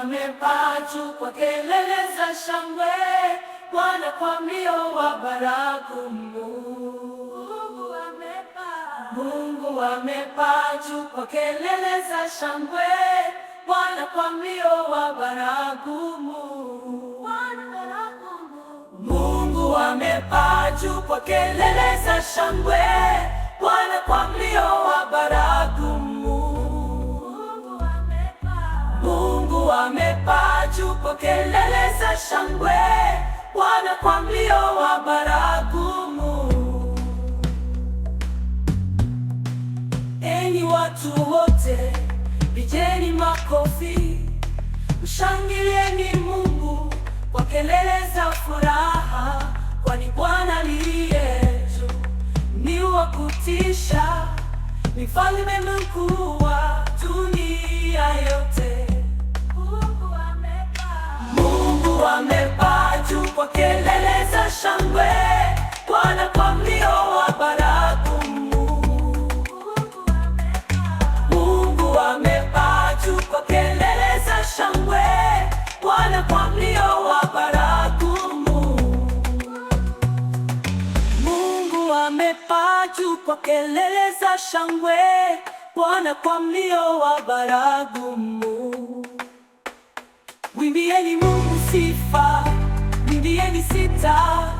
Wamepaa juu kwa kelele za shangwe, Bwana kwa mlio wa baragumu. Mungu amepaa juu kwa kelele za shangwe, Bwana kwa mlio wa baragumu. Mungu amepaa juu kwa kelele za shangwe, Bwana kwa mlio tupo kelele za shangwe, Bwana kwa mlio wa baragumu. Enyi watu wote, pigeni makofi, mshangilieni Mungu kwa kelele za furaha, kwani Bwana aliye yetu ni wa kutisha, ni mfalme mkuu Bwana kwa mlio wa baragumu. Mungu amepaa juu kwa kelele za shangwe. Bwana kwa mlio wa baragumu. Mungu amepaa juu kwa kelele za shangwe. Bwana kwa mlio wa baragumu. Mwimbieni Mungu sifa, mwimbieni sita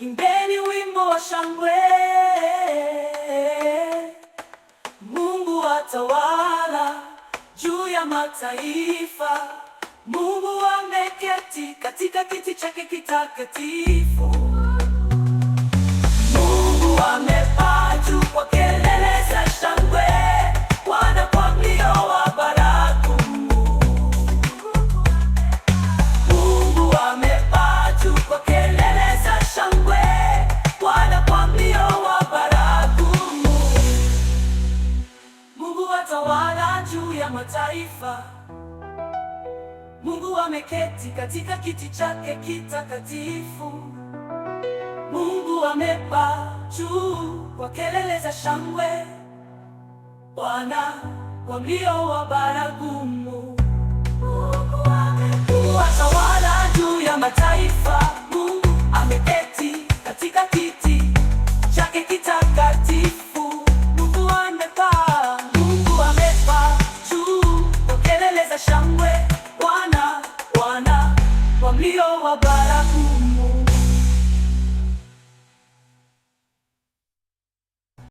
Imbeni wimbo wa shangwe, Mungu atawala juu ya mataifa. Mungu ameketi katika kiti chake kitakatifu. anatawala juu ya mataifa. Mungu ameketi katika kiti chake kitakatifu. Mungu amepaa juu kwa kelele za shangwe, Bwana kwa mlio wa baragumu. babarak